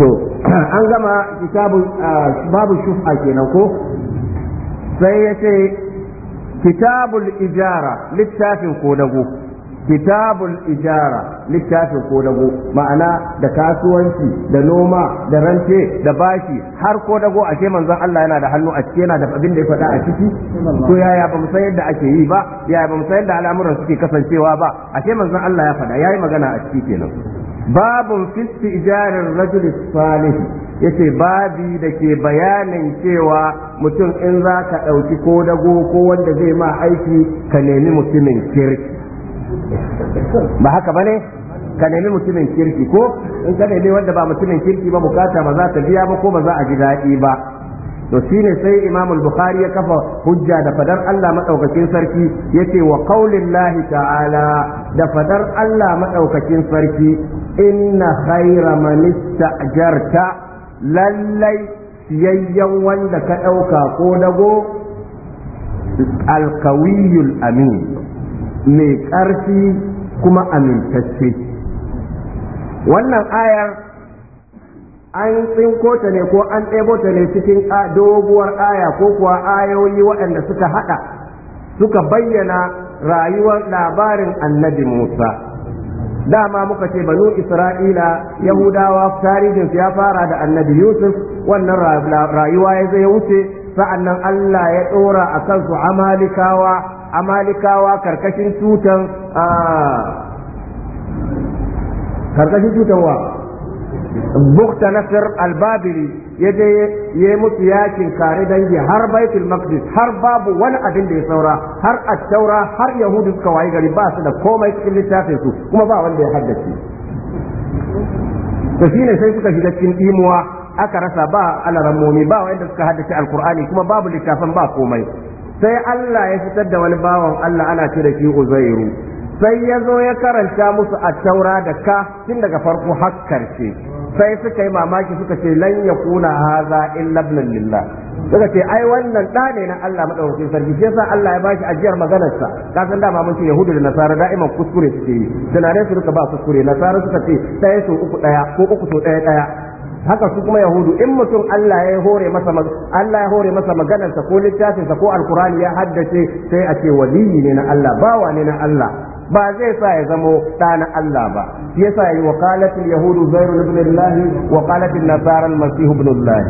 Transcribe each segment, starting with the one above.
to an gama kitabun babu shufa kenan ko sai ya ce kitabul ijara littafin ko dago kitabul ijara littafin kodago ma'ana da kasuwanci da noma da rance da bashi har ko kodago ashe manzon Allah yana da hannu a ciki yana da abin da ya faɗa a ciki to yaya ba san yadda ake yi ba yaya ba mu san yadda al'amuran suke kasancewa ba ashe manzon Allah ya faɗa yayi magana a ciki kenan babun fi ijarar rajul salih yace babi da ke bayanin cewa mutum in za ka ɗauki kodago ko wanda zai ma aiki ka nemi mutumin kirki ba haka bane ka nemi mutumin kirki ko in ka nemi wanda ba mutumin kirki ba bukata ba za ta biya ba ko ba za a ji daɗi ba to shine sai Imamul al-Bukhari ya kafa hujja da fadar Allah madaukakin sarki yace wa qaulillahi ta'ala da fadar Allah madaukakin sarki inna khayra man ista'jarta lallai siyayyen wanda ka ɗauka ko dago alkawiyul amin mai ƙarfi kuma amintacce wannan ayar an tsinko ta ne ko an ɗebo ta ne cikin doguwar aya ko kuwa ayoyi waɗanda suka haɗa suka bayyana rayuwar labarin annabi Musa. dama muka ce banu isra'ila yahudawa tarihin ya fara da annabi yusuf wannan rayuwa ya zai wuce sa'annan allah ya ɗora a kansu amalikawa amalikawa karkashin tutan a karkashin tutan wa bukta nasir albabili ya je ya mutu yakin kare dangi har baitul maqdis har babu wani abin da ya saura har attaura har yahudu suka wayi gari ba su da komai cikin littafin su kuma ba wanda ya haddace to shine sai suka shiga cikin imuwa aka rasa ba alarammomi ba wanda suka haddace alkur'ani kuma babu littafin ba komai sai Allah ya fitar da wani bawan Allah ana ce da shi Uzairu sai ya zo ya karanta musu a taura da ka tun daga farko har karshe sai suka yi mamaki suka ce lan ya kuna haza illa ibn lillah suka ce ai wannan da ne na Allah madaukakin sarki shi yasa Allah ya bashi ajiyar maganar sa ka san dama mun ce yahudu da nasara da'iman kuskure suke yi nare su suka ba kuskure nasara suka ce ɗaya so uku ɗaya ko uku so ɗaya ɗaya haka su kuma yahudu in mutum Allah ya hore masa Allah ya hore masa maganarsa ko littafinsa ko alkurani ya haddace sai a ce waliyi ne na Allah bawa ne na Allah ba zai sa ya zamo ɗa na Allah ba shi yasa yi waqalatul yahudu zairu ibn Allah wa qalatul nasara al-masih ibn Allah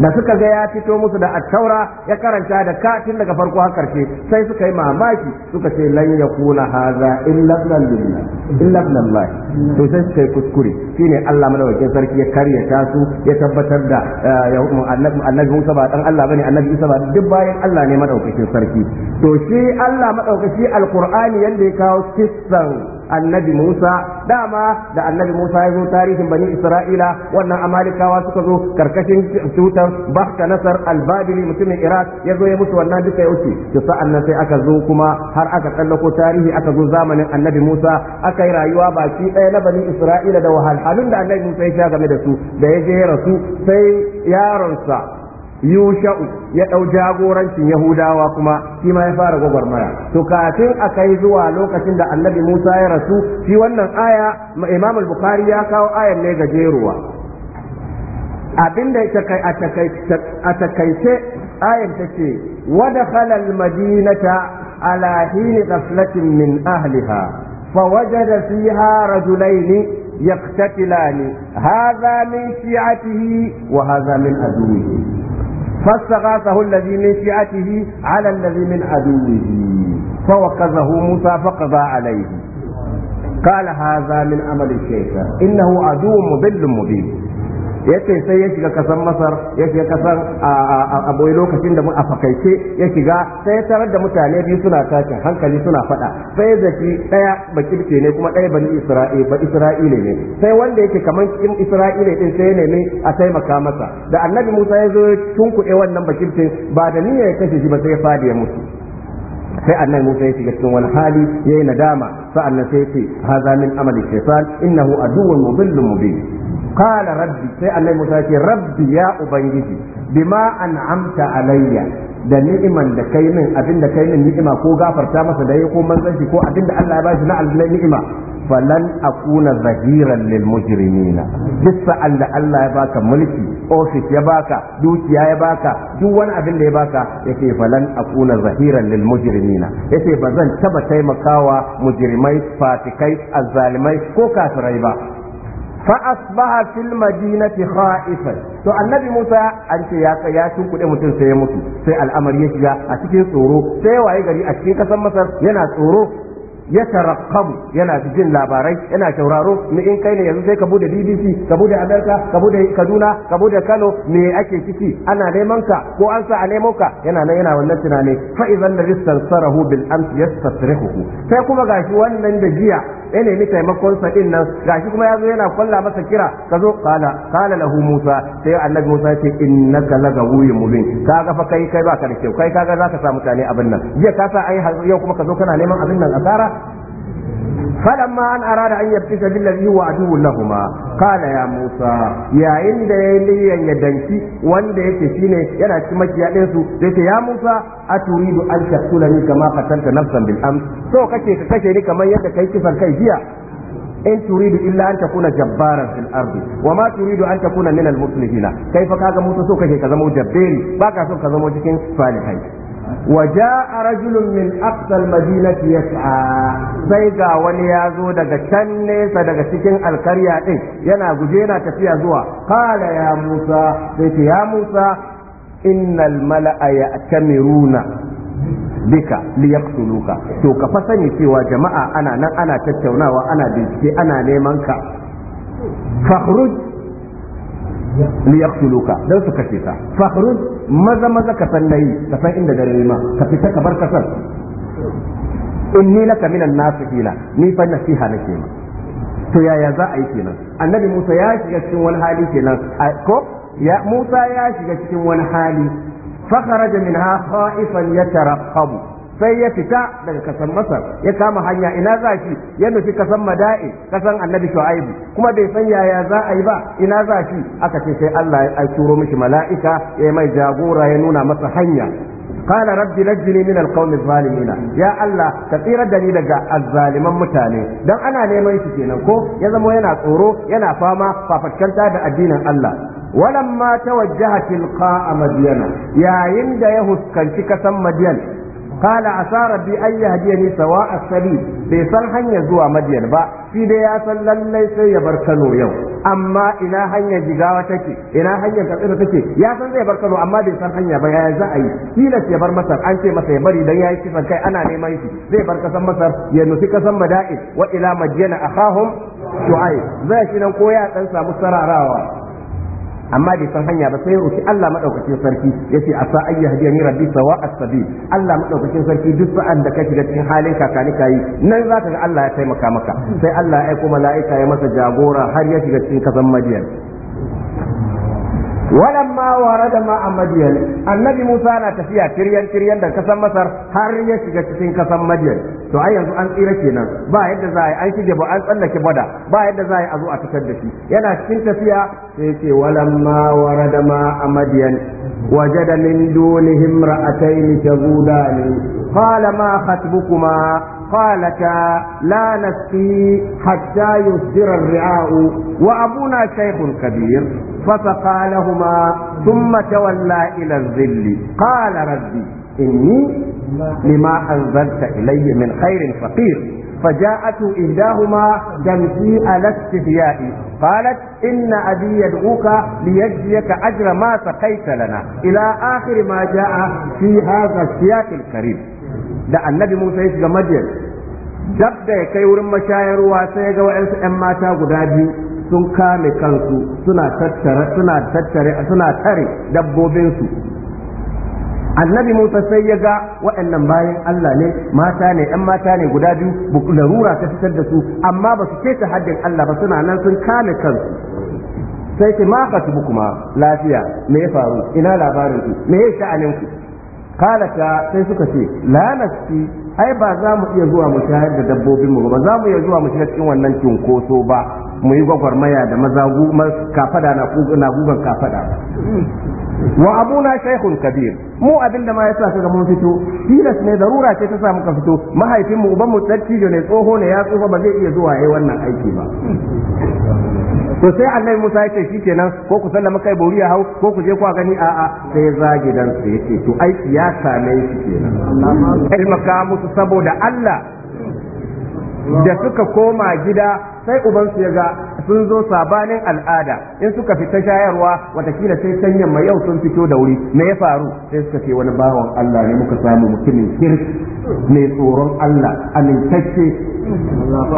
da suka ga ya fito musu da attaura ya karanta da katin daga farko har karshe sai suka yi mamaki suka ce lan yakuna hadha illa billah illa billah to sai suka yi kuskure shine Allah madaukakin sarki ya karya ta su ya tabbatar da eh, annabi Musa ba dan Allah bane annabi Isa ba duk bayan Allah ne madaukakin sarki to shi Allah madaukaki alqur'ani yanda ya kawo kissan annabi Musa dama da annabi Musa ya zo tarihin bani Isra'ila wannan amalikawa suka zo karkashin tutar Bahka Nasar al-Babili mutumin Iraq ya zo ya mutu wannan duka ya wuce to sa'an nan sai aka zo kuma har aka tsallako tarihi aka zo zamanin annabi Musa aka yi rayuwa baki ɗaya na bani Isra'ila da wahalhalun da annabi Musa ya sha game da su da ya je rasu sai yaronsa yusha'u ya ɗau jagorancin yahudawa kuma shi ma ya fara gwagwarmaya to kafin a kai zuwa lokacin da annabi musa ya rasu shi wannan aya imam al-bukhari ya kawo ayan ne gajeruwa abinda a takaice ayan ta ce ودخل المدينة على حين غفلة من أهلها فوجد فيها رجلين يقتتلان هذا من wa وهذا من عدوه فاستغاثه الذي من شيعته على الذي من عدوه فوقظه موسى فقضى عليه قال هذا من أمل الشيطان إنه عدو مضل مبين Ya ce sai ya shiga kasan masar ya shiga kasan a boye lokacin da mu a fakaice ya shiga sai ya tarar da mutane biyu suna tashin hankali suna faɗa sai ya zaki ɗaya bakirce ne kuma ɗaya bani isra'ila ba isra'ila ne sai wanda yake kaman cikin isra'ila din sai ya nemi a taimaka masa da annabi musa ya zo ya tunkuɗe wannan bakirce ba da niyya ya kashe shi ba sai ya fadi ya mutu sai annabi Musa ya shiga cikin wani hali yayi nadama sa'annan sai ya ce haza min amali shaytan innahu aduwwun mudillun mubin qala rabbi sai annabi Musa ya rabbi ya ubangiji bima an'amta alayya da ni'iman da kai min abin da kai min ni'ima ko gafarta masa da yi ko manzanci ko abin da Allah ya bashi na Allah ni'ima falan akuna zahiran lil mujrimina duk da Allah ya baka mulki ofis ya baka dukiya ya baka duk wani abin da ya baka yake falan akuna zahiran lil ya yace ba zan taba taimakawa mujrimai fatikai azzalimai ko kafirai ba fa asbaha fil madinati khaifan to annabi Musa an ce ya ya tunkuɗe mutum sai ya mutu sai al'amari ya shiga a cikin tsoro sai waye gari a cikin kasar Masar yana tsoro ya tarakkabu yana jin labarai yana tauraro ni in kai ne yanzu sai ka bude BBC ka bude America ka bude Kaduna ka bude Kano me ake ciki ana neman ka ko an sa a nemo ka yana nan yana wannan tunani fa idan ladhi sansarahu bil amsi yastasrihu sai kuma gashi wannan da jiya ya nemi taimakon sa din nan gashi kuma zo yana kwalla masa kira ka zo kala qala lahu musa sai annabi musa ya ce innaka mu mubin kaga fa kai kai baka da kyau kai kaga zaka sa mutane abin nan jiya kasa sa ai yau kuma ka zo kana neman abin nan asara فلما أن أراد أن يبتش بالذي هو عدو لهما قال يا موسى يا إن دليلي أن يدنكي وأن ديكشيني يلا تمشي يا يا موسى أتريد أن تقتلني كما قتلت نفسا بالأمس سو كشي كشي كما يدك كي كيف الكيفية in turidu illa an takuna jabbaran fil ardi wa ma turidu an takuna min al muslimina kai fa kaga mutu so kake ka zama jabbeli baka so ka وجاء رجل من أقصى المدينة يسعى سيقا وليازو دقا شني سدقا شكين الكريا إيه ينا قجينا تفيا زوا قال يا موسى بيت يا موسى إن الملأ Lika, bika liyaqtuluka to ka fa sani cewa jama'a ana nan ana tattaunawa ana bincike ana neman ka fakhruj liyaqtuluka dan su kashe ka fakhruj maza maza ka san nayi ka san inda dare ma ka fita ka bar kasar inni laka minan nasihina ni fa nasiha nake ma to yaya za a yi kenan annabi Musa ya shiga cikin wani hali kenan ko ya Musa ya shiga cikin wani hali fa kharaja minha khaifan yatarqabu sai ya fita daga kasan masar ya kama hanya ina za shi ya nufi kasan mada'i kasan annabi shu'aibu kuma bai san yaya za a yi ba ina za shi aka ce sai Allah ya turo mishi mala'ika ya mai jagora ya nuna masa hanya قال رب نجني من القوم الظالمين ya Allah ta tsira da ni daga azzaliman mutane dan ana neman shi kenan ko ya zama yana tsoro yana fama fafatkanta da addinin Allah ولما توجه a madyana ya yinda ya fuskanci شكا Madiyan. qala asa rabbi an yahdiyani sawa'a sabil bai san hanyar zuwa madyan ba shi dai ya san lallai sai ya bar Kano yau amma ina hanyar jigawa take ina hanyar katsina take ya san zai bar Kano amma bai san hanya ba yaya za a yi tilas ya bar Masar an ce masa ya bari dan yayi kisan kai ana neman shi zai bar kasan Masar ya nufi kasan Mada'in wa ila a akahum shu'aib zai shi nan ko ya dan sararawa amma bai san hanya ba sai roki Allah madaukakin sarki yace asa hadiya ni rabbi sawa asabi sabil Allah madaukakin sarki duk sa'an da ka shiga cikin halin kakani kai nan zaka ga Allah ya taimaka maka sai Allah ya aiko mala'ika ya masa jagora har ya shiga cikin kasan madiyan walamma warada ma a madiyan annabi musa na tafiya kiryan kiryan da kasan masar har ya shiga cikin kasan madiyan to ai yanzu an tsira kenan ba yadda za a yi an shige ba an tsallake bada ba yadda za a yi a zo a fitar da shi yana cikin tafiya sai ce walamma warada ma a madiyan وجد من دونهم امرأتين تذودان قال ما قالتا لا نسقي حتى يصدر الرعاء وأبونا شيخ كبير فسقى لهما ثم تولى إلى الظل قال ربي إني لما أنزلت إلي من خير فقير فجاءته إحداهما تمشي على استحياء قالت إن أبي يدعوك ليجزيك أجر ما سقيت لنا إلى آخر ما جاء في هذا السياق الكريم da annabi Musa ya shiga Madian dab da ya kai wurin mashayar ruwa sai ga wa'ansu ƴan mata guda biyu sun kame kansu suna tattare suna tattare suna tare dabbobinsu annabi Musa sai ya ga wa'annan bayan Allah ne mata ne ƴan mata ne guda biyu larura ta fitar da su amma ba su keta haddin Allah ba suna nan sun kame kansu sai ce ma ka kuma lafiya me ya faru ina labarin ku me ya sha'anin ku kalata sai suka ce la ai ba za mu iya zuwa mu shayar da dabbobin mu ba za mu iya zuwa mu shiga cikin wannan cinkoso ba mu yi gwagwarmaya da maza kafada na gugan kafada wa abuna shaykhun kabir mu abinda da ma yasa kaga mun fito tilas ne darura ce ta sa muka fito mahaifinmu mu uban mu ne tsoho ne ya tsufa ba zai iya zuwa yayi wannan aiki ba to sai annabi Musa ya ce kenan ko ku sallama kai bauri ya hau ko ku je ku gani a a sai zagi dan su yake to aiki ya same shi kenan kai musu saboda Allah da suka koma gida sai ubansu ya ga sun zo sabanin al'ada in suka fita shayarwa watakila sai can mai yau sun fito da wuri me ya faru sai suka ce wani bawan Allah ne muka samu mutumin kirki mai tsoron Allah amintacce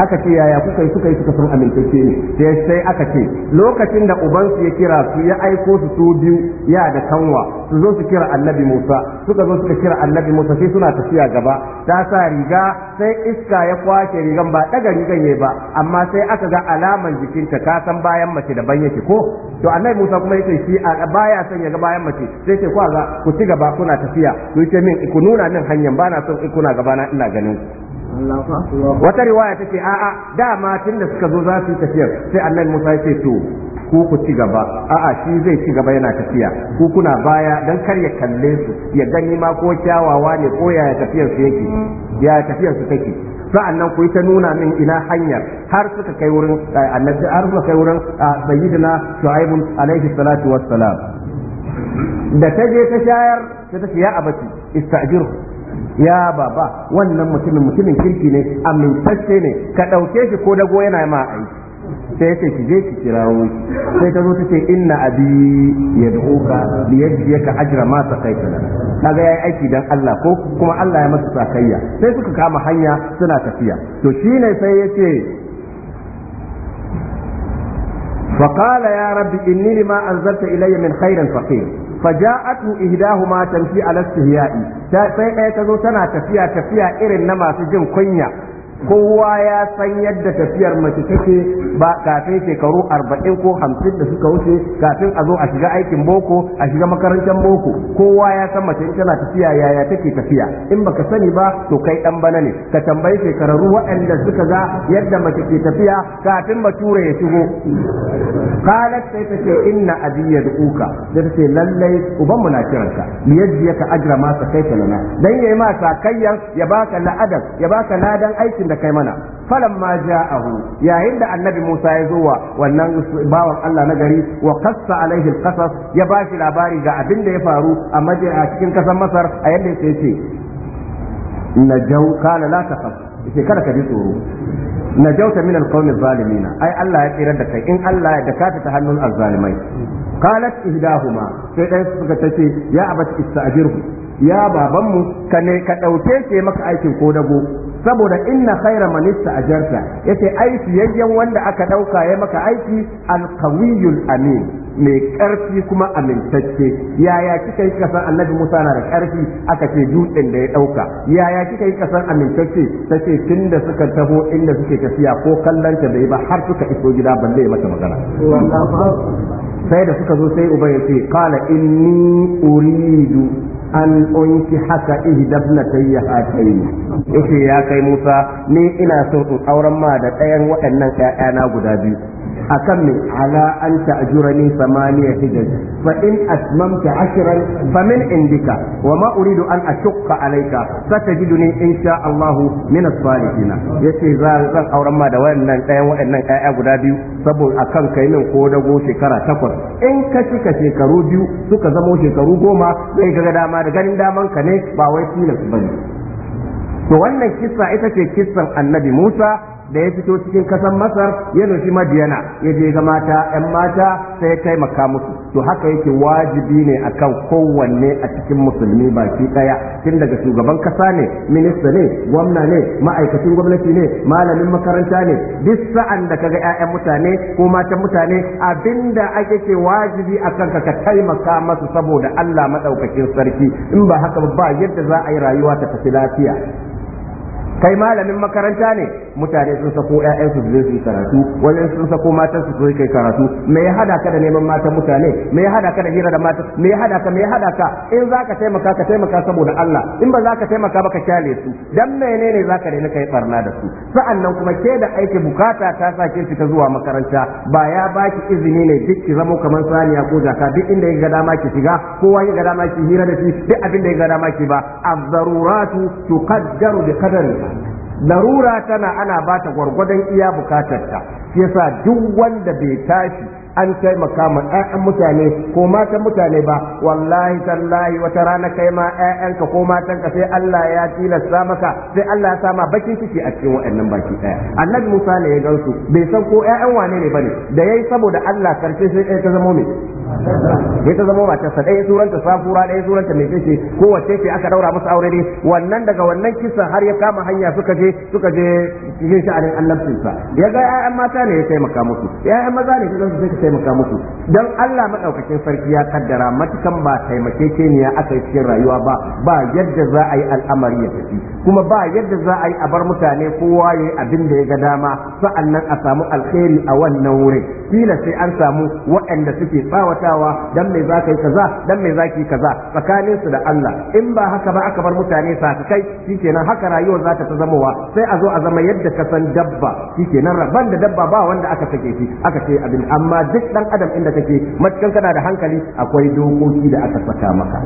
aka ce yaya kuka yi suka yi suka san amintacce ne sai sai aka ce lokacin da ubansu ya kira su ya aiko su su biyu ya da kanwa su zo su kira annabi Musa suka zo suka kira annabi Musa sai suna tafiya gaba ta sa riga sai iska ya kwace rigan ba daga rigan ya ba amma sai aka ga alaman jikinta ka san bayan mace daban yake ko to annabi Musa kuma yake shi baya son ya ga bayan mace sai ce ku ga ku ci gaba kuna tafiya to ce min ku nuna nan hanyar bana son in kuna gaba na ina ganin wata riwaya take a'a ma tun da suka zo za su yi tafiyar sai annabi Musa ya ce to ku ku ci gaba a'a shi zai ci gaba yana tafiya ku kuna baya dan kar ya kalle su ya gani ma ko kyawawa ne ko ya tafiyar su yake ya tafiyar su take sa'an ku yi ta nuna min ina hanyar har suka kai wurin eh, annabi har suka kai wurin ah, sayyidina shu'aib alaihi salatu wassalam da ta je ta shayar sai ta ce ya abati istajiru ya baba wannan mutumin mutumin kirki ne amintacce ne ka ɗauke shi ko dago yana ma sai ya ce ki je ki kirawo shi sai ta zo ta ce inna abi ya duka bi ka ajra ma kai kana kaga yayi aiki dan Allah ko kuma Allah ya masa sakayya sai suka kama hanya suna tafiya to shine sai ya ce فقال يا رب إني لما أنزلت إلي من خير فقير فجاءته إهداهما تمشي على استهياء sai ɗaya ta zo tana tafiya tafiya irin na masu jin kunya kowa ya san yadda tafiyar mace take ba kafin shekaru arba'in ko hamsin da suka wuce kafin a zo a shiga aikin boko a shiga makarantar boko kowa ya san mace tana tafiya yaya take tafiya in baka sani ba to kai dan bana ne ka tambayi shekararru waɗanda suka ga yadda mace ke tafiya kafin bature ya shigo qalat sai ta ce inna abi yad'uka da ta ce lallai uban mu na kiranka ka ajra ma sakaita lana dan yayi ma sakayyan ya baka la'adab ya baka ladan aikin da da kai mana falamma ja'ahu yayin da annabi Musa ya zo wa wannan bawan Allah na gari wa qassa alaihi alqasas ya bashi labari ga abin da ya faru a a cikin kasar Masar a yadda yake ce najau kana la taqaf yace kada ka ji tsoro najauta min alqawmi zalimina ai Allah ya tsira da kai in Allah ya daka ta hannun azzalimai qalat ihdahuma sai dai suka tace ya abati ista'jirhu ya babanmu ka ne ka dauke shi maka aikin ko dago saboda inna khaira man ista'jarta yace ai siyayyen wanda aka dauka ya maka aiki alqawiyul amin mai karfi kuma amintacce yaya kika yi kasan annabi Musa na da karfi aka ce dutsen da ya dauka yaya kika yi kasan amintacce tace tunda suka taho inda suke tafiya ko kallanta bai ba har suka iso gida balle mata magana sai da suka zo sai uba ya ce qala inni uridu an unki haka ihdabna tayya hatayn yace ya kai Musa ni ina so in auren ma da ɗayan waɗannan ƴaƴana guda biyu akan me ala an ta'jurani samaniya hijaj fa in asmamta ashran fa min indika wa ma uridu an ashqa alayka satajiduni insha Allah min as-salihin yace za zan auren ma da wannan ɗayan waɗannan ƴaƴa guda biyu saboda akan kai min ko dago shekara takwas in ka cika shekaru biyu suka zamo shekaru goma zai ga dama da ganin daman ka ne ba wai tilas ne. to wannan kissa ita ce kissan annabi Musa da ya fito cikin kasan masar ya nufi madiyana ya je ga mata yan mata sai ya taimaka musu to haka yake wajibi ne akan kowanne a cikin musulmi baki ɗaya. tun daga shugaban kasa ne minista ne gwamna ne ma'aikacin gwamnati ne malamin makaranta ne duk sa'an da kaga 'ya'yan mutane ko matan mutane abinda ake ce wajibi a ka ka taimaka masu saboda Allah maɗaukakin sarki in ba haka ba yadda za a yi rayuwa ta tafi lafiya kai malamin makaranta ne mutane sun sako ƴaƴan su su karatu wani sun sako matan su su kai karatu me ya hada ka da neman matan mutane me ya hada ka da hira da mata me ya hada ka me ya hada ka in zaka taimaka ka taimaka saboda Allah in ba zaka taimaka ba ka kyale su dan menene zaka daina kai barna da su sa'annan kuma ke da aiki bukata ta sake ki ta zuwa makaranta ba ya baki izini ne duk ki zamo kamar saniya ko jaka duk inda ya ga dama ki shiga kowa ya ga dama ki hira da shi duk abin da ya ga dama ki ba az-zaruratu tuqaddaru bi qadariha larura tana ana bata gwargwadon iya bukatarta yasa duk wanda bai tashi an taimaka ma 'ya'yan mutane ko matan mutane ba wallahi tallahi wata rana kai ma 'ya'yanka ko matanka sai Allah ya tilasta maka sai Allah ya sama bakin ciki a cikin waɗannan baki ɗaya annabi Musa ne ya gansu bai san ko 'ya'yan wane ne bane da yayi saboda Allah karshe sai ɗaya ta zamo me ya ta zama matarsa ɗaya suranta safura ɗaya suranta mai fice ko wace ce aka daura masa aure ne wannan daga wannan kisan har ya kama hanya suka je suka je cikin sha'anin annabcinsa ya ga 'ya'yan mata ne ya taimaka musu 'ya'yan maza ne su zan su sai taimaka musu dan Allah madaukakin sarki ya kaddara matukan ba taimakekeniya aka yi cikin rayuwa ba ba yadda za a yi al'amari ya tafi kuma ba yadda za a yi a bar mutane kowa yi abin da ya ga dama sa'annan a samu alkhairi a wannan wurin kila sai an samu waɗanda suke tsawatawa dan me za ka yi kaza dan me za ki kaza tsakanin su da Allah in ba haka ba aka bar mutane shi shikenan haka rayuwar za ta zamowa sai a zo a zama yadda ka san dabba shikenan rabban da dabba ba wanda aka sake shi aka ce abin amma duk dan adam inda kake matukan kana da hankali akwai dokoki da aka saka maka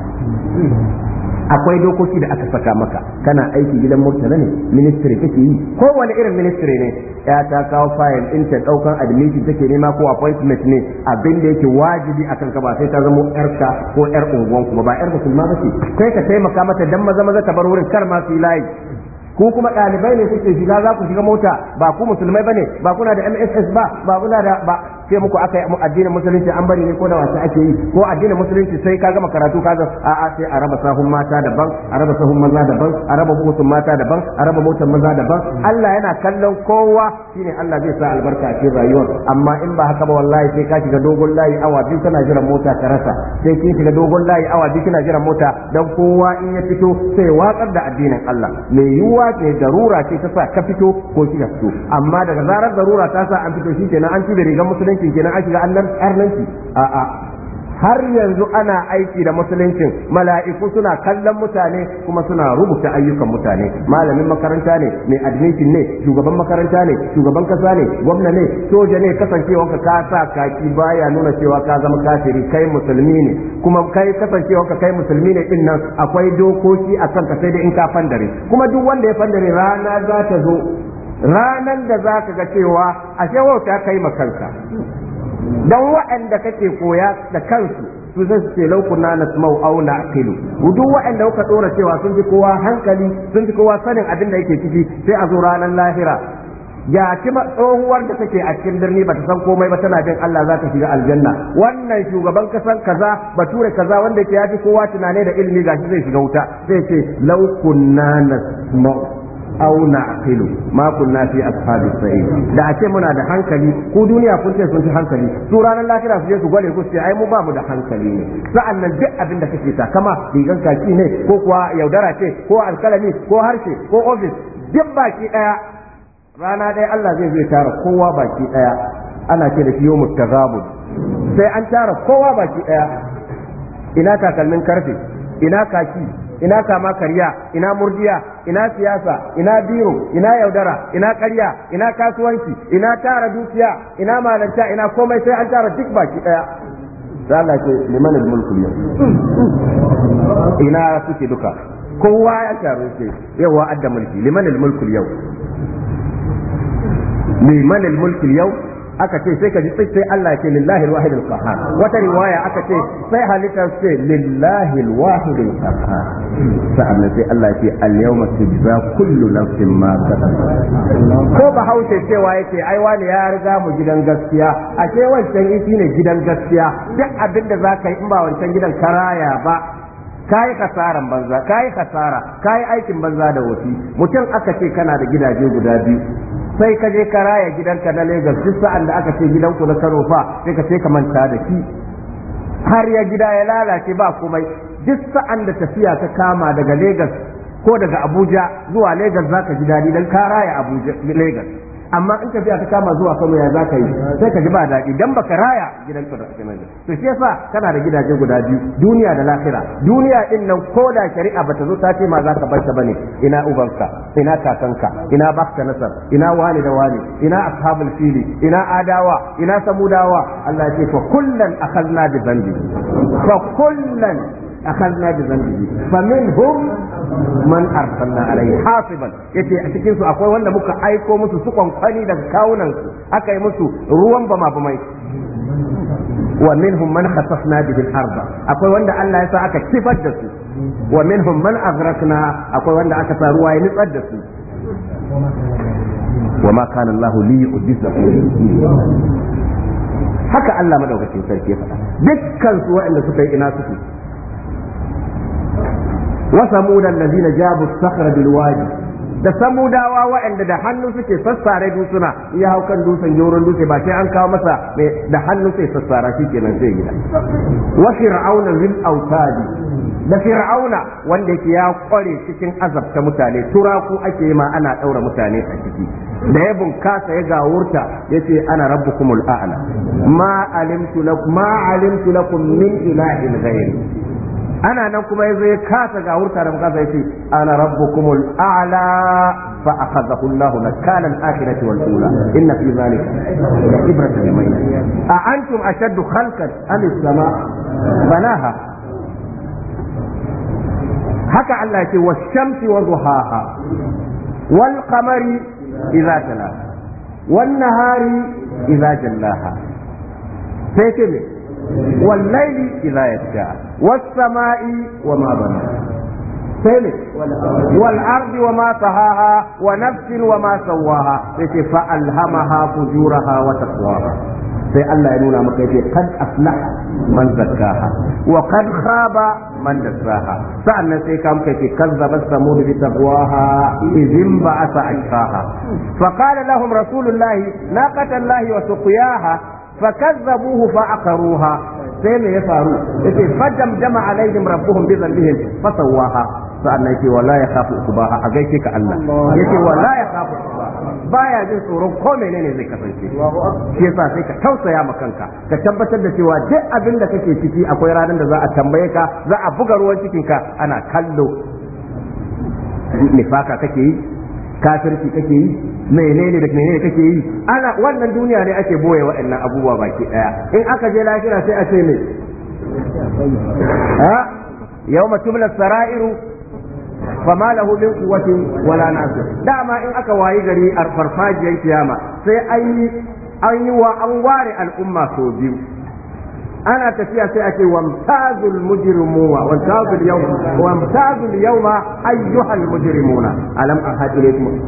akwai dokoki da aka saka maka kana aiki gidan murtala ne ministry kake yi ko wani irin ministry ne ya ta kawo fayil din ta daukan admission take nema ko appointment ne abin da yake wajibi akan ka ba sai ta zama ka ko yar unguwan kuma ba yar musulma ba ce kai ka taimaka mata dan maza maza ta bar wurin kar ma su layi ko kuma ɗalibai ne suke shiga za ku shiga mota ba ku musulmai ba ne ba kuna da mss ba ba kuna da ba ce muku aka yi addinin musulunci an bari ne ko da wasu ake yi ko addinin musulunci sai ka gama karatu ka a'a a sai a raba sahun mata daban a raba sahun maza daban a raba motsin mata daban a raba motsin maza daban Allah yana kallon kowa shine Allah zai sa albarka a cikin rayuwar amma in ba haka ba wallahi sai ka shiga dogon layi awa biyu kana jiran mota ka rasa sai kin shiga dogon layi awa biyu kina jiran mota dan kowa in ya fito sai watsar da addinin Allah me yiwuwa ce darura ce ta sa ka fito ko kika fito amma daga zarar darura ta sa an fito shi shikenan an ci da rigar musulunci musuluncin kenan an shiga arnanci a'a har yanzu ana aiki da musuluncin mala'iku suna kallon mutane kuma suna rubuta ayyukan mutane malamin makaranta ne mai admission ne shugaban makaranta ne shugaban kasa ne gwamna ne soja ne kasancewanka ka sa kaki baya nuna cewa ka zama kafiri kai musulmi ne kuma kai kasancewanka kai musulmi ne din nan akwai dokoki akan ka sai dai in ka fandare kuma duk wanda ya fandare rana za ta zo ranan da za ka ga cewa a ta kai ma kanka don waɗanda kake koya da kansu su zai su ce laukuna na smau auna akilu duk waɗanda kuka tsora cewa sun fi kowa hankali sun fi kowa sanin abin da yake ciki sai a zo ranar lahira ya ci tsohuwar da take a cikin birni ba ta san komai ba tana jin Allah za ta shiga aljanna wannan shugaban kasan kaza bature kaza wanda yake yafi kowa tunane da ilimi gashi zai shiga wuta zai ce laukuna na smau na akilu ma kunna fi ashabis sa'id da ake muna da hankali ko duniya kun ce sun ci hankali su ranar lafiya su je su gwale ku ce ai mu ba mu da hankali ne sa'annan duk abin da kake ta kama rigan kaki ne ko kuwa yaudara ce ko alkalami ko harshe ko ofis duk baki daya rana ɗaya Allah zai zai tara kowa baki daya ana ce da yau yawmut sai an tara kowa baki daya ina takalmin karfe ina kaki ina kama karya ina murjiya ina siyasa ina biro ina yaudara ina karya ina kasuwanci ina tara dukiya ina malanta ina komai sai an tara duk baki daya zalla ce liman almulku yau ina suke duka kowa ya taro ke yawa adda mulki liman almulku yau liman almulku yau aka ce sai ka ji sai Allah ke lillahi alwahid alqahhar wata riwaya aka ce sai halittar ce lillahi alwahid alqahhar sa'an sai Allah ce al-yawma tujza kullu nafsin ma kasabat ko ba haushe cewa yake ai wani ya riga mu gidan gaskiya ashe wancan shi ne gidan gaskiya duk abinda da zaka yi in ba wancan gidan karaya ba kayi kasaran banza kayi kasara kayi aikin banza da wasi mutum aka ce kana da gidaje guda biyu sai ka je ka raya gidanka na Lagos duk sa'an da aka ce gidanku na Kano fa sai ka ce ka manta da shi har ya gida ya lalace ba komai duk sa'an da tafiya ta kama daga Lagos ko daga Abuja zuwa Lagos zaka ji dadi dan ka raya Abuja Lagos amma in ka tafiya ta kama zuwa sama ya za ka yi sai ka ji ba daɗi dan baka raya gidan ka da nan to shi yasa kana da gidaje guda biyu duniya da lahira duniya din nan ko da shari'a bata zo ta ce ma za ka bar ta bane ina ubanka ina kakanka ina bakta nasar ina wani da wani ina ashabul fili ina adawa ina samudawa Allah ya ce fa kullan akhadna bi dhanbi fa kullan akhadna bi dhanbi fa minhum man arsalna alaihi hasiban yace a cikin su akwai wanda muka aiko musu su kwankwani daga kawunan su aka yi musu ruwan bama bamai wa minhum man khasafna bihi al-ardh akwai wanda Allah ya sa aka kifar da su wa minhum man aghraqna akwai wanda aka sa ruwa ya nitsar da su wa ma kana Allah li yu'jizahu haka Allah madaukakin sarki ya faɗa dukkan su waɗanda suka yi ina suke wa samuda allazina jabu sakhra bil wadi da samudawa waɗanda da hannu suke sassare dutsuna ya hau kan dutsen yoron dutse ba sai an kawo masa da hannu sai sassara shi kenan sai gida wa fir'auna zil autadi da fir'auna wanda yake ya kware cikin azabta mutane turaku ake ma ana daura mutane a ciki da ya bunkasa ya gawurta yace ana rabbukumul a'la ma alimtu lakum ma alimtu lakum min ilahin ghairi ana nan kuma yazo ya kasa ga hurta da mukasa yace ana rabbukumul a'la fa akhadhahu Allah nakala al-akhirati wal ula inna fi dhalika la ibratan liman a antum ashaddu khalqan am as-sama banaha haka Allah yace wash-shamsi wa duhaha wal qamari idza talaha wan nahari idza jallaha sai ke wal layli idza yaghsha والسماء وما بناها ثالث والارض وما طهاها ونفس وما سواها فالهمها فجورها وتقواها سي الله ينونا مكيتي قد افلح من زكاها وقد خاب من دساها فان سي كام كيتي كذب الثمود بتقواها اذ انبعث عشقاها فقال لهم رسول الله ناقه الله وسقياها فكذبوه فعقروها sai me ya faru yace fadam jama alaihim rabbuhum bi dhanbihim fasawaha sa'annan yake wala ya khafu subaha a gaishe ka Allah yace wala ya khafu baya jin tsoron ko menene zai kasance shi yasa sai ka tausaya ma kanka ka tabbatar da cewa duk abin da kake ciki akwai ranar da za a tambaye ka za a buga ruwan cikin ka ana kallo nifaka kake yi kafirci kake yi menene da menene kake yi ana wannan duniya ne ake boye waɗannan abubuwa baki daya in aka je lahira sai a ce me ha yawma tumla sara'iru fama lahu min quwwati wala nasir dama in aka wayi gari a farfajiyar kiyama sai an yi wa an ware al'umma sau biyu ana tafiya sai ake wamtazul mujrimuna wamtazul yawma wamtazul yawma ayyuhal mujrimuna alam ahad ilaykum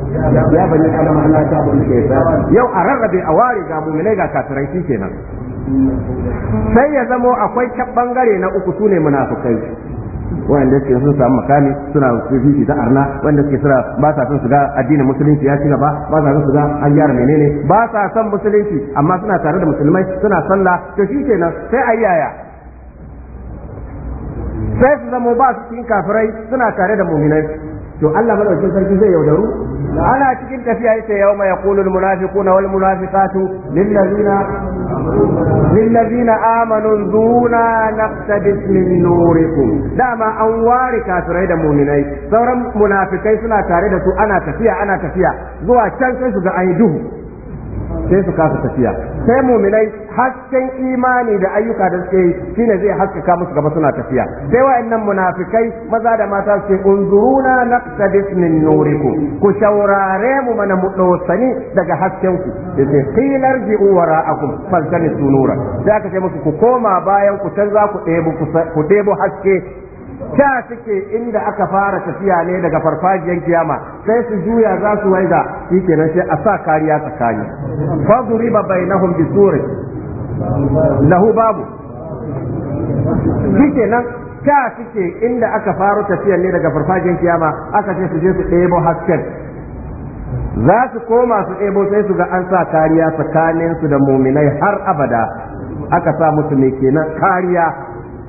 ya bani adam Allah ta ke shaytan yau a rarrabe a ware ga mu'minai ga kafirai kenan sai ya zamo akwai ta bangare na uku sune munafikai wanda suke sun samu makami suna fifi ta arna wanda suke suna ba sa son su ga addinin musulunci ya ci gaba ba sa son su ga an gyara menene ba sa son musulunci amma suna tare da musulmai suna sallah to shi kenan sai a yaya sai su zama ba su cikin kafirai suna tare da muminai to Allah madaukakin sarki zai yaudaru ana cikin tafiya yace yawma yaqulu almunafiquna walmunafiqatu lillazina lillazina amanu duna naqtabis min nurikum dama an ware kafirai da mu'minai sauran munafikai suna tare da su ana tafiya ana tafiya zuwa can sai su ga ayi duhu sai su kasa tafiya sai muminai hasken imani da ayyuka da suke yi shine zai haskaka musu gaba suna tafiya sai wa'annan munafikai maza da mata su unzuruna naqtadis min nuriku ku shaurare mu mana mu dosani daga hasken ku sai qilar ji'u wara'akum faltanisu nura sai aka ce musu ku koma bayan ku canza ku ku ɗebo haske ta suke inda aka fara tafiya ne daga farfajiyar kiyama sai su juya za su waiga shi kenan sai a sa kariya tsakani na bainahum bisuri lahu babu shi kenan ta suke inda aka fara tafiya ne daga farfajiyar kiyama aka ce su je su ɗebo hasken za su koma su ɗebo sai su ga an sa kariya tsakaninsu da muminai har abada aka sa musu ne kenan kariya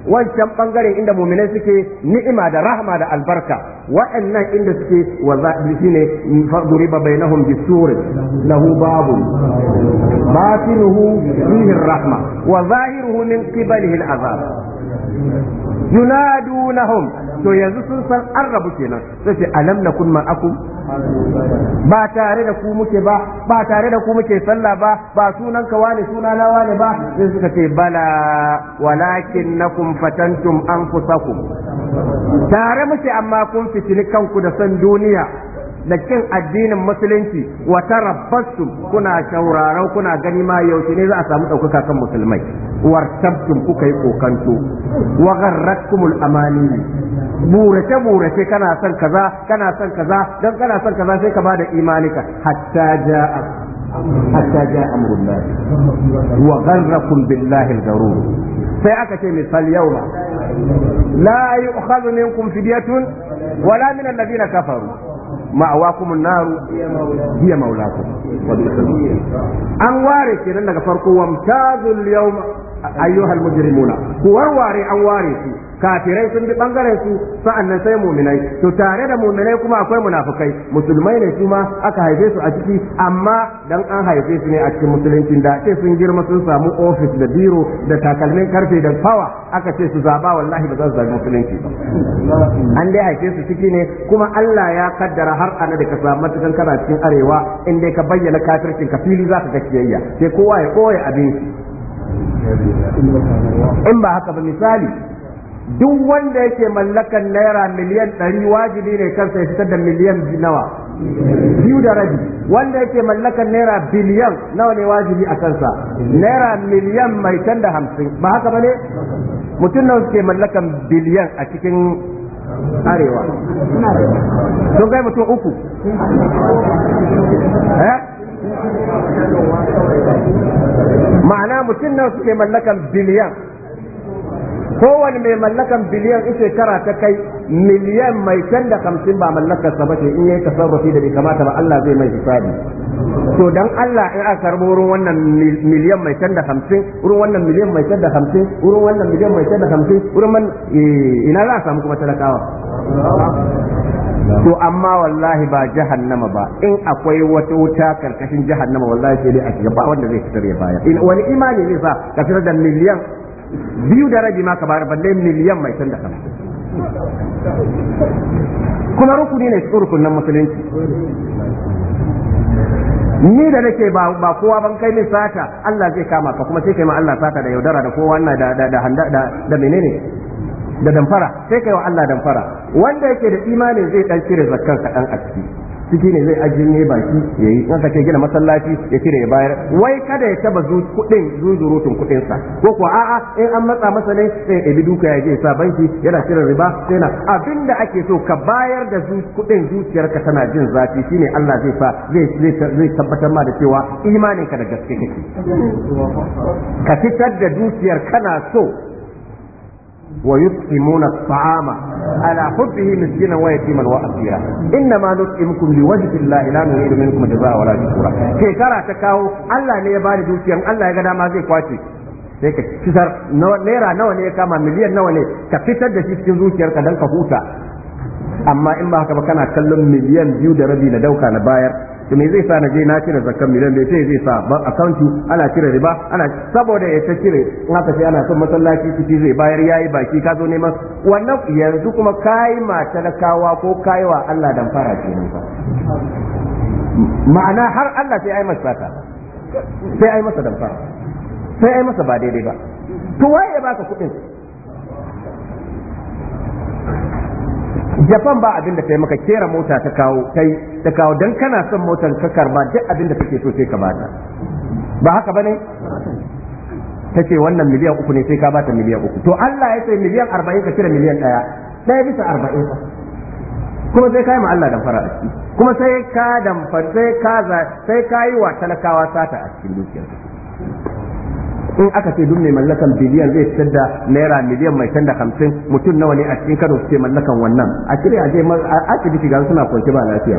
wancan bangaren inda muminai suke ni'ima da rahma da albarka wa'annan inda suke wa zaɓi ne duriba bainahum bisurin lahu babu batinuhu fihi rahma wa zahiruhu min qibalihi al'azab yunadunahum to yanzu sun san an rabu kenan sai ce alam nakun ma'akum ba tare da ku muke ba ba tare da ku muke sallah ba ba sunan ka wane suna na ne ba sai suka ce bala walakin nakum fatantum anfusakum tare muke amma kun fitini kanku da san duniya da kin addinin musulunci wa tarabbasu kuna shaurarau kuna gani ma yaushe ne za a samu ɗaukaka kan musulmai wartabtum kuka yi kokanto wa gharratkumul amani burace burace kana son kaza kana son kaza dan kana son kaza sai ka bada imanika hatta jaa hatta jaa amrullah wa gharrakum billahi al-gharur sai aka ce misal yawma la yu'khadhu minkum fidyatun wala min alladhina kafaru ma'awakum an-nar hiya maulakum an ware kenan daga farko wamtazul yawma ayyuhal mujrimuna ku warware an ware su kafirai sun bi bangaren su sa'annan sai mu'minai to tare da mu'minai kuma akwai munafukai musulmai ne su aka haife su a ciki amma dan an haife su ne a cikin musulunci da ce sun girma sun samu ofis da biro da takalmin karfe da power, aka ce su zaba wallahi ba za su zabi musulunci ba an dai haife su ciki ne kuma Allah ya kaddara har ana da ka samu matukan kana cikin arewa in dai ka bayyana kafircin ka fili za ka ga kiyayya sai kowa ya koya abin in ba haka ba misali duk wanda yake mallakan naira miliyan ɗari wajibi ne kansa ya fitar da miliyan nawa biyu da rabi wanda yake mallakan naira biliyan nawa ne wajibi a kansa naira miliyan mai can da hamsin ba haka ba ne mutum nawa suke mallakan biliyan a cikin arewa sun kai mutum uku eh? ma'ana mutum nawa suke mallakan biliyan kowane mai mallakan biliyan ita tara ta kai miliyan mai can da hamsin ba mallakar sa bace in yayi tasarrufi da bai kamata ba Allah zai mai hisabi to dan Allah in aka karbo ruwan wannan miliyan mai can da hamsin ruwan wannan miliyan mai can da hamsin ruwan wannan miliyan mai can da hamsin ruwan man ina za a samu kuma talakawa to amma wallahi ba jahannama ba in akwai wata wuta karkashin jahannama wallahi sai dai a shiga ba wanda zai fitar ya baya wani imani zai sa ka fitar da miliyan biyu da rabi ma ka bayar balle miliyan mai tun da kama kuma rukuni ne rukun rukunin musulunci ni da nake ba kowa ban kai min sata Allah zai kama ka kuma sai kai ma Allah sata da yaudara da kowa wannan da da da da da menene da damfara sai kai wa Allah damfara wanda yake da imani zai dan cire zakkan ka dan aski ciki ne zai ajiye baki ya yi in aka ce gina masallaci ya cire ya bayar wai kada ya taba zu kudin zuzurutun kudin sa ko kuwa a'a in an matsa masa ne sai ya bi duka ya je sa banki yana cire riba sai na abinda ake so ka bayar da zu kudin zuciyarka tana jin zafi shine Allah zai fa zai zai tabbatar ma da cewa imanin ka da gaske kake ka fitar da zuciyar kana so ويطعمون الطعام على حبه مسكينا ويتيما واسيرا انما نطعمكم لوجه الله لا نريد منكم جزاء ولا شكورا ترى تكاو الله ne ya bani الله Allah ya ga dama zai kwace sai ka naira nawa ne ya kama miliyan nawa ne ka fitar da shi cikin zuciyarka dan ka huta amma in ba haka ba kana kallon miliyan biyu da rabi na dauka na bayar to me zai sa na je na cire zakkan miliyan bai sai zai sa ba akaunti ana cire riba ana saboda ya ta cire in aka sai ana son masallaci kici zai bayar yayi baki ka zo neman wannan yanzu kuma kai ma talakawa ko kai wa Allah dan fara ce ne ma'ana har Allah sai ai masa sata sai ai masa dan fara sai ai masa ba daidai ba to waye ba baka kuɗin japan ba abin da kai maka kera mota ta kawo kai ta kawo dan kana son motar ka karba duk abin da kake so sai ka bata ba haka bane ta ce wannan miliyan uku ne sai ka bata miliyan uku to Allah ya sai miliyan arba'in ka cire miliyan ɗaya ɗaya bisa arba'in fa kuma sai ka yi ma Allah damfara aski, ciki kuma sai ka damfar sai ka sai ka yi wa talakawa sata a cikin dukiyarsa in aka ce duk mai mallakan biliyan zai fitar da naira miliyan mai tanda hamsin mutum nawa ne a cikin kano suke mallakan wannan a kire a je asibiti ga suna kwance ba lafiya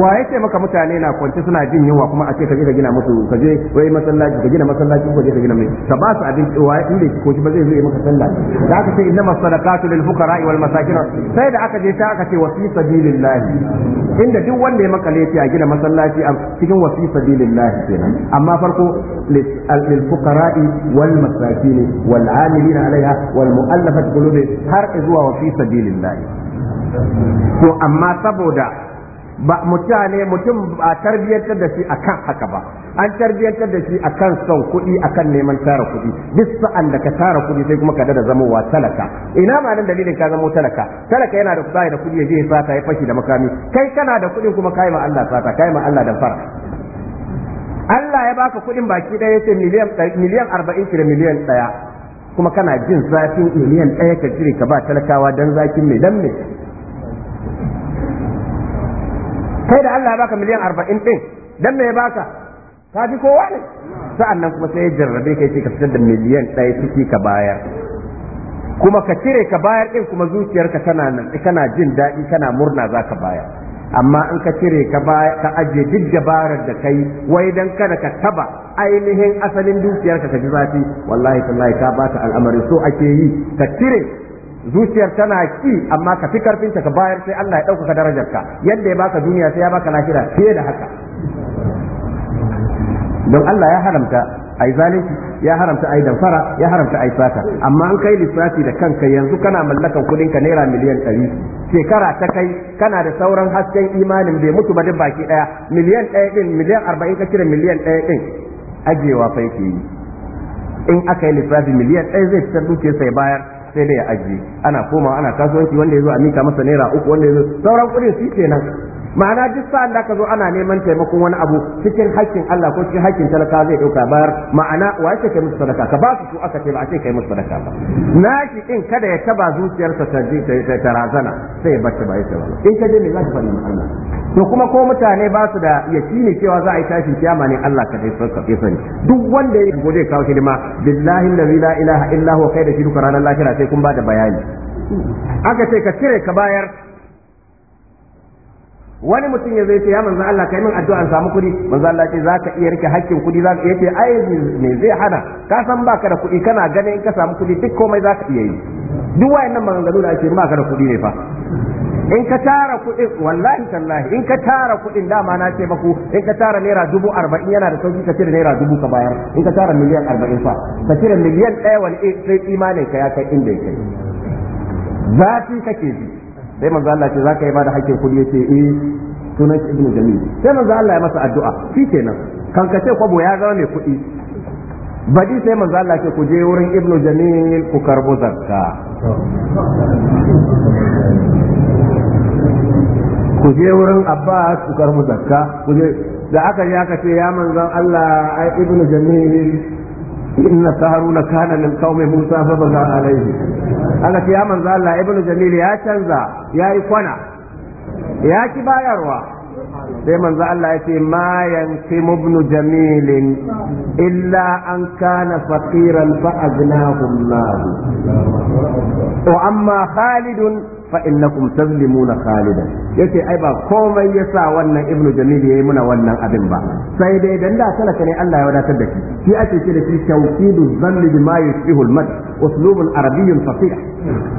wa ya ce maka mutane na kwance suna jin yunwa kuma a ce ka je ka gina musu ka je wai masallaci ka gina masallaci ko je ka gina mai ka ba su abinci wa in bai ko ba zai zo maka sallah da aka ce inna masadaqatu lil fuqara wal masakin sai da aka je ta aka ce wasi fi inda duk wanda ya maka laifi a gina masallaci a cikin wasi sabilillah kenan amma farko lil fuqara'i wal masakin wal amilina alaiha wal mu'allafat qulubi har zuwa wasi sabilillah to amma saboda ba mutane mutum ba tarbiyyantar da shi akan haka ba an tarbiyyantar da shi akan son kuɗi akan neman tara kuɗi duk sa'an da ka tara kuɗi sai kuma ka da zamowa talaka ina ma nan dalilin ka zamo talaka talaka yana da bai da kuɗi ya je ya sata ya fashi da makami kai kana da kuɗin kuma kai ma Allah sata kai ma Allah dan fara Allah ya baka kuɗin baki ɗaya yace miliyan eh, miliyan 40 da miliyan ɗaya kuma kana jin zafin miliyan ɗaya ka jira ka ba talakawa dan zakin mai dan me kai da Allah ya baka miliyan arba'in ɗin dan me ya baka ka fi kowa ne sa'an nan kuma sai ya jarrabe ka ce ka fitar da miliyan ɗaya ciki ka bayar kuma ka cire ka bayar ɗin kuma zuciyarka tana nan kana jin daɗi kana murna za ka bayar amma in ka cire ka ka ajiye duk dabarar da kai wai dan kada ka taba ainihin asalin dukiyarka ka ji zafi wallahi tallahi ka ta al'amari so ake yi ka cire zuciyar tana ki amma ka fi karfin ka bayar sai Allah ya ɗaukaka darajarka yadda ya baka duniya sai ya baka lahira fiye da haka don Allah ya haramta ai zalunci ya haramta ai damfara ya haramta ai sata amma an kai lissafi da kanka yanzu kana mallakan kudin ka naira miliyan ɗari shekara ta kai kana da sauran hasken imanin bai mutu ba duk baki ɗaya miliyan 1 din miliyan 40 ka cire miliyan 1 din ajewa fa yake yi in aka yi lissafi miliyan ɗaya zai fitar dukiyarsa sai bayar sai dai ya ajiye ana koma ana kasuwanci wanda ya zo a mika masa naira uku wanda ya zo sauran kuɗin ke kenan ma'ana duk sa'an da ka zo ana neman taimakon wani abu cikin haƙƙin Allah ko cikin haƙƙin talaka zai ɗauka bayar ma'ana wa yake kai musu sadaka ka ba su su aka ce ba a ce kai musu sadaka ba Na shi in kada ya taba zuciyarsa ta ji ta razana sai ya bace ba yake ba in ka je ne za ka faɗi Allah to kuma ko mutane ba su da yakini cewa za a yi tashin kiyama ne Allah ka dai sarka ke sani duk wanda ya gode kawo hidima billahi la ilaha illa huwa kai da shi duka ranar lahira sai kun ba da bayani aka ce ka cire ka bayar wani mutum ya zai ce ya manzo Allah kai min addu'a samu kudi manzo Allah ce zaka iya rike hakkin kuɗi zaka iya ce ai me zai hana ka san baka da kuɗi kana ganin in ka samu kuɗi duk komai zaka iya yi duk wayannan maganganu da ake baka da kuɗi ne fa in ka tara kuɗin wallahi tallahi in ka tara kuɗin dama na ce maku in ka tara naira dubu arba'in yana da sauki ka cire naira dubu ka bayar in ka tara miliyan arba'in fa ka cire miliyan ɗaya wani sai imanin ka ya kai inda ya kai zafi kake ji sai manzo Allah ce zaka yi ba da hakkin kudi yace eh sunan shi ibnu jamil sai manzo Allah ya masa addu'a shikenan kankace kwabo ya zama mai kudi Bari sai manzo Allah ce ku je wurin ibnu jamil ku karbo zakka ku je wurin abbas ku karbo zakka ku je da aka je aka ce ya manzo Allah ai ibnu jamil inna haruna kana min qaumi musa fa baga alaihi Allah ya manzo Allah ibnu jamil ya canza yayi kwana ya ki bayarwa sai manzo Allah ya ce ma yanqimu ibn jamil illa an kana faqiran fa agnahu Allah amma khalidun fa limu na khalidan yace ai ba komai yasa wannan ibnu jamil yayi muna wannan abin ba sai dai dan da talaka ne Allah ya wadatar da shi shi ake ce da shi tawqidu zanni bima yushihul mad uslubun arabiyyun fasih